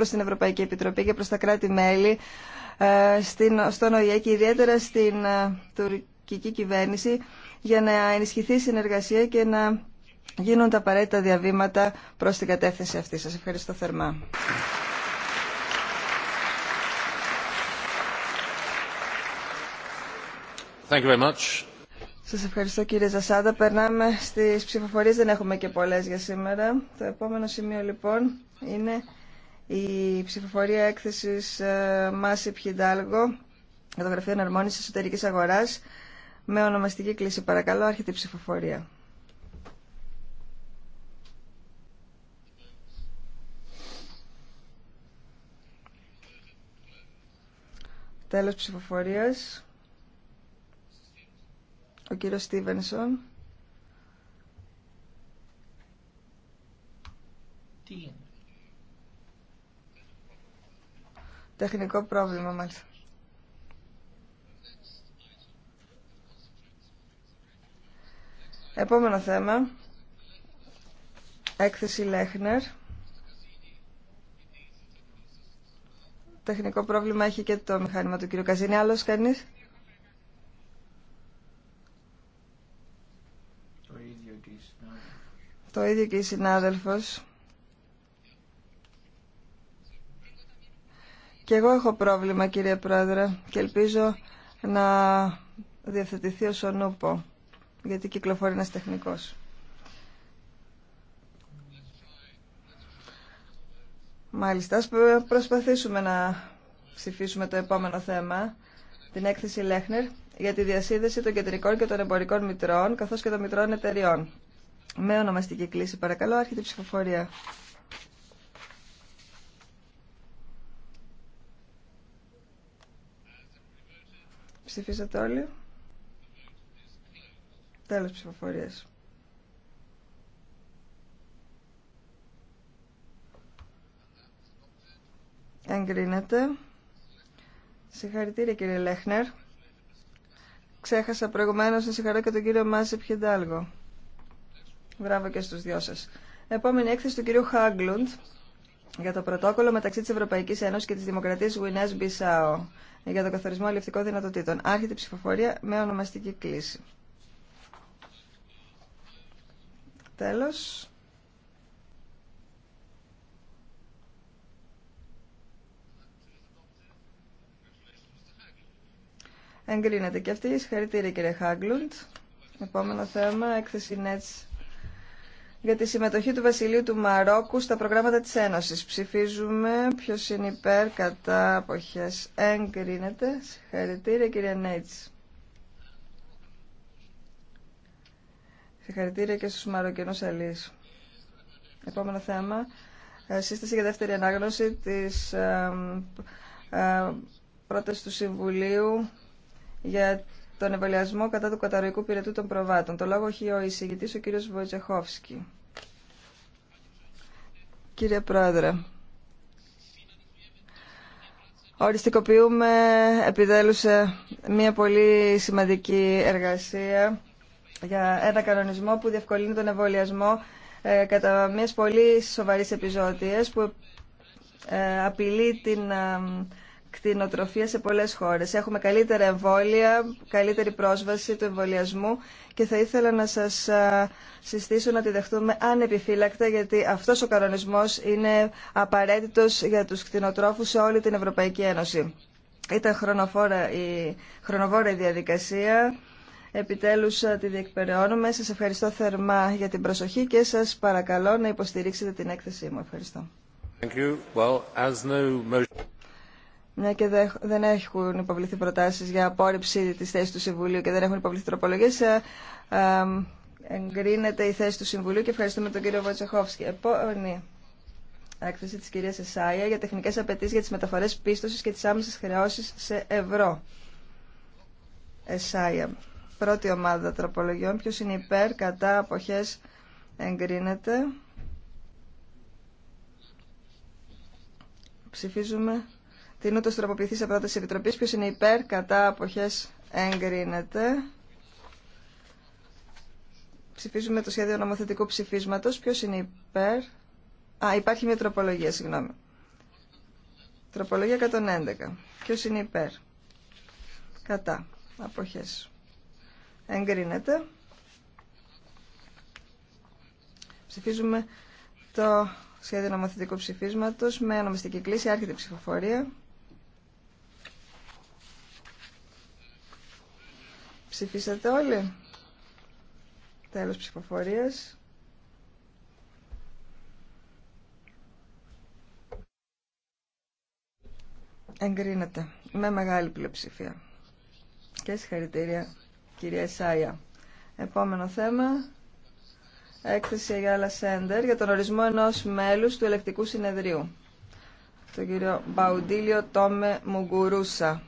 προς την Ευρωπαϊκή Επιτροπή και προς τα κράτη-μέλη ε, στον ΟΗΕ και ιδιαίτερα στην ε, τουρκική κυβέρνηση για να ενισχυθεί η συνεργασία και να γίνουν τα απαραίτητα διαβήματα προς την κατεύθυνση αυτή. Σας ευχαριστώ θερμά. Thank you very much. Σας ευχαριστώ κύριε Ζασάδα. Περνάμε στις ψηφοφορίες, δεν έχουμε και πολλές για σήμερα. Το επόμενο σημείο λοιπόν είναι η ψηφοφορία έκθεση Μάση ε, Πιντάλγο για το Γραφείο Εναρμόνηση Εσωτερικής Αγοράς με ονομαστική κλίση. Παρακαλώ, άρχεται η ψηφοφορία. Τέλος ψηφοφορίας. Ο κύριος Στίβενσον. Τεχνικό πρόβλημα μάλιστα. Επόμενο θέμα. Έκθεση Λέχνερ. Τεχνικό πρόβλημα έχει και το μηχάνημα του κ. Καζίνη. Άλλος κανείς. Το ίδιο και η συνάδελφος. Και εγώ έχω πρόβλημα, κύριε Πρόεδρε, και ελπίζω να διευθετηθεί ο Σονούπο, γιατί κυκλοφορεί ένας τεχνικός. Μάλιστα, ας προσπαθήσουμε να ψηφίσουμε το επόμενο θέμα, την έκθεση Λέχνερ, για τη διασύνδεση των κεντρικών και των εμπορικών μητρών, καθώς και των μητρών εταιριών. Με ονομαστική κλίση, παρακαλώ, άρχεται η ψηφοφορία. Ψηφίσατε όλοι. Τέλος ψηφοφορίας. Εγκρίνεται. Συγχαρητήρια κύριε Λέχνερ. Ξέχασα προηγουμένως να συγχαρώ και τον κύριο Μάση Πιεντάλγο. Μπράβο και στους δυο σας. Επόμενη έκθεση του κυρίου Χάγκλουντ για το πρωτόκολλο μεταξύ της Ευρωπαϊκής Ένωσης και της Δημοκρατίας Γουινέας Μπισάο για τον καθορισμό αλληλευτικών δυνατοτήτων. Άρχεται η ψηφοφορία με ονομαστική κλίση. Τέλος. Εγκρίνεται και αυτή. Συγχαρητήρια κύριε Χάγκλουντ. Επόμενο θέμα, έκθεση Nets για τη συμμετοχή του Βασιλείου του Μαρόκου στα προγράμματα της Ένωσης. Ψηφίζουμε ποιος είναι υπέρ κατά αποχές. Εγκρίνεται. Συγχαρητήρια κυρία Νέιτς. Συγχαρητήρια και στους Μαροκινούς Αλείς. Επόμενο θέμα. Ε, σύσταση για δεύτερη ανάγνωση της ε, ε πρόταση του Συμβουλίου για τον εμβολιασμό κατά του καταρροϊκού πυρετού των προβάτων. Το λόγο έχει ο εισηγητή ο κύριος Βοητσεχόφσκι. Κύριε Πρόεδρε, οριστικοποιούμε σε μια πολύ σημαντική εργασία για ένα κανονισμό που διευκολύνει τον εμβολιασμό ε, κατά μιας πολύ σοβαρής επιζώτιας που ε, απειλεί την ε, κτηνοτροφία σε πολλές χώρες. Έχουμε καλύτερα εμβόλια, καλύτερη πρόσβαση του εμβολιασμού και θα ήθελα να σας συστήσω να τη δεχτούμε ανεπιφύλακτα γιατί αυτός ο κανονισμό είναι απαραίτητος για τους κτηνοτρόφους σε όλη την Ευρωπαϊκή Ένωση. Ήταν χρονοφόρα η, χρονοβόρα η διαδικασία. Επιτέλους τη διεκπεραιώνουμε. Σα ευχαριστώ θερμά για την προσοχή και σα παρακαλώ να υποστηρίξετε την έκθεσή μου. Ευχαριστώ. Thank you. Well, as no... Μια ναι, και δεν έχουν υποβληθεί προτάσει για απόρριψη τη θέση του Συμβουλίου και δεν έχουν υποβληθεί τροπολογίε, ε, εγκρίνεται η θέση του Συμβουλίου και ευχαριστούμε τον κύριο Βοτσεχόφσκι. Επόμενη έκθεση τη κυρία Εσάια για τεχνικέ απαιτήσει για τι μεταφορέ πίστοση και τι άμεσε χρεώσει σε ευρώ. Εσάια. Πρώτη ομάδα τροπολογιών. Ποιο είναι υπέρ, κατά, αποχέ, εγκρίνεται. Ψηφίζουμε την ούτω τροποποιηθεί σε πρόταση Επιτροπή. Ποιο είναι υπέρ, κατά, αποχέ, εγκρίνεται. Ψηφίζουμε το σχέδιο νομοθετικού ψηφίσματο. Ποιο είναι υπέρ. Α, υπάρχει μια τροπολογία, συγγνώμη. Τροπολογία 111. Ποιο είναι υπέρ. Κατά. Αποχέ. Εγκρίνεται. Ψηφίζουμε το σχέδιο νομοθετικού ψηφίσματος με ονομαστική κλίση. Άρχεται η ψηφοφορία. Ψηφίσατε όλοι. Τέλος ψηφοφορίας. Εγκρίνεται με μεγάλη πλειοψηφία. Και συγχαρητήρια κυρία Σάια. Επόμενο θέμα. Έκθεση για άλλα σέντερ για τον ορισμό ενός μέλους του ελεκτικού συνεδρίου. Το κύριο μπαουντηλιο Τόμε Μουγκουρούσα.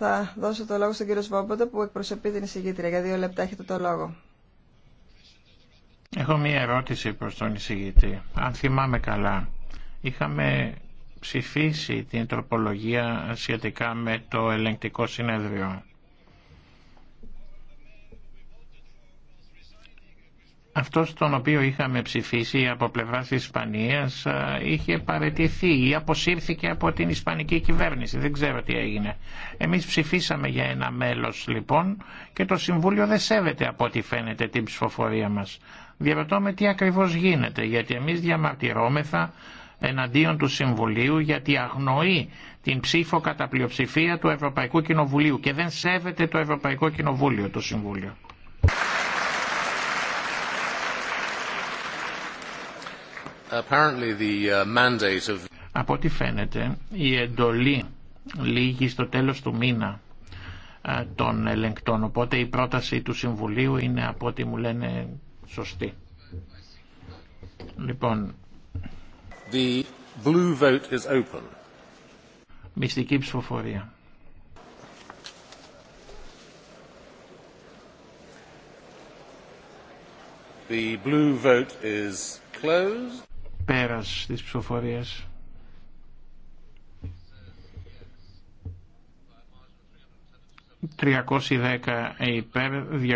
Θα δώσω το λόγο στον κύριο Σβόμποντα που εκπροσωπεί την εισηγήτρια. Για δύο λεπτά έχετε το λόγο. Έχω μία ερώτηση προς τον εισηγητή. Αν θυμάμαι καλά, είχαμε ψηφίσει την τροπολογία σχετικά με το ελεγκτικό συνέδριο. αυτός τον οποίο είχαμε ψηφίσει από πλευράς Ισπανίας είχε παρετηθεί ή αποσύρθηκε από την Ισπανική κυβέρνηση. Δεν ξέρω τι έγινε. Εμείς ψηφίσαμε για ένα μέλος λοιπόν και το Συμβούλιο δεν σέβεται από ό,τι φαίνεται την ψηφοφορία μας. Διαρωτώ με τι ακριβώς γίνεται γιατί εμείς διαμαρτυρόμεθα εναντίον του Συμβουλίου γιατί αγνοεί την ψήφο κατά πλειοψηφία του Ευρωπαϊκού Κοινοβουλίου και δεν σέβεται το Ευρωπαϊκό Κοινοβούλιο το Συμβούλιο. Uh, από ό,τι φαίνεται η εντολή λύγει στο τέλος του μήνα ε, των ελεγκτών. Οπότε η πρόταση του Συμβουλίου είναι από ό,τι μου λένε σωστή. Λοιπόν, The blue vote is open. μυστική ψηφοφορία. The blue vote is closed. Πέρας της ψηφοφορίας. ...310 υπέρ,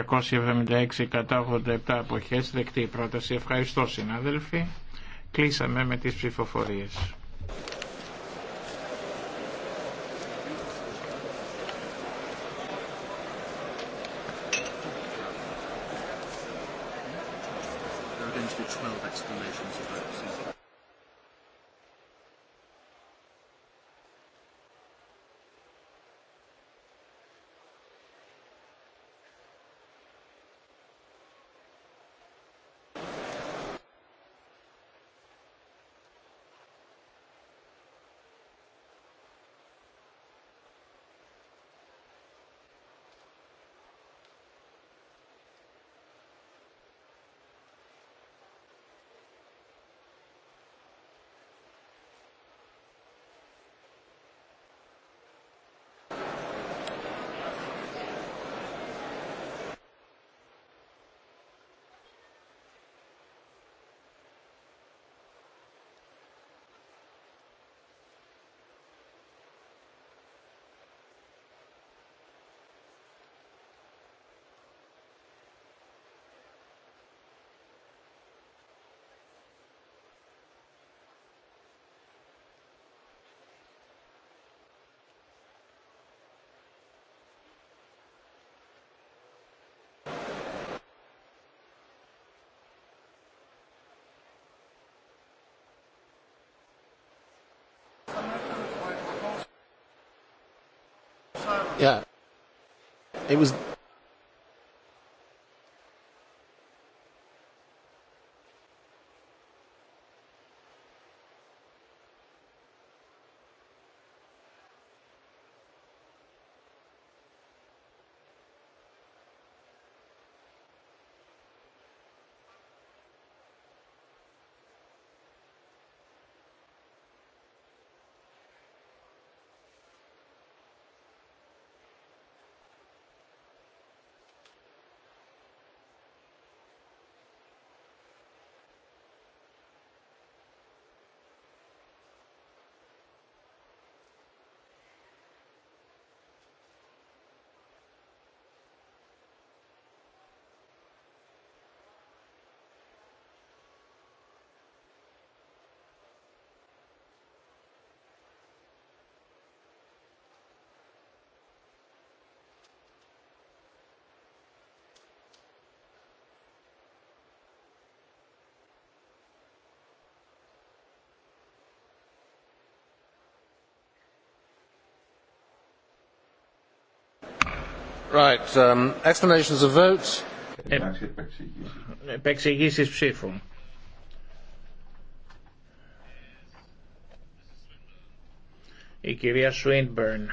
276 κατά 87 αποχές, δεκτή η πρόταση. Ευχαριστώ συνάδελφοι. Κλείσαμε με τις ψηφοφορίες. going to be 12 explanations of votes. Yeah. It was Right. Um, explanations of vote. ψήφου. Η κυρία Σουίντμπερν.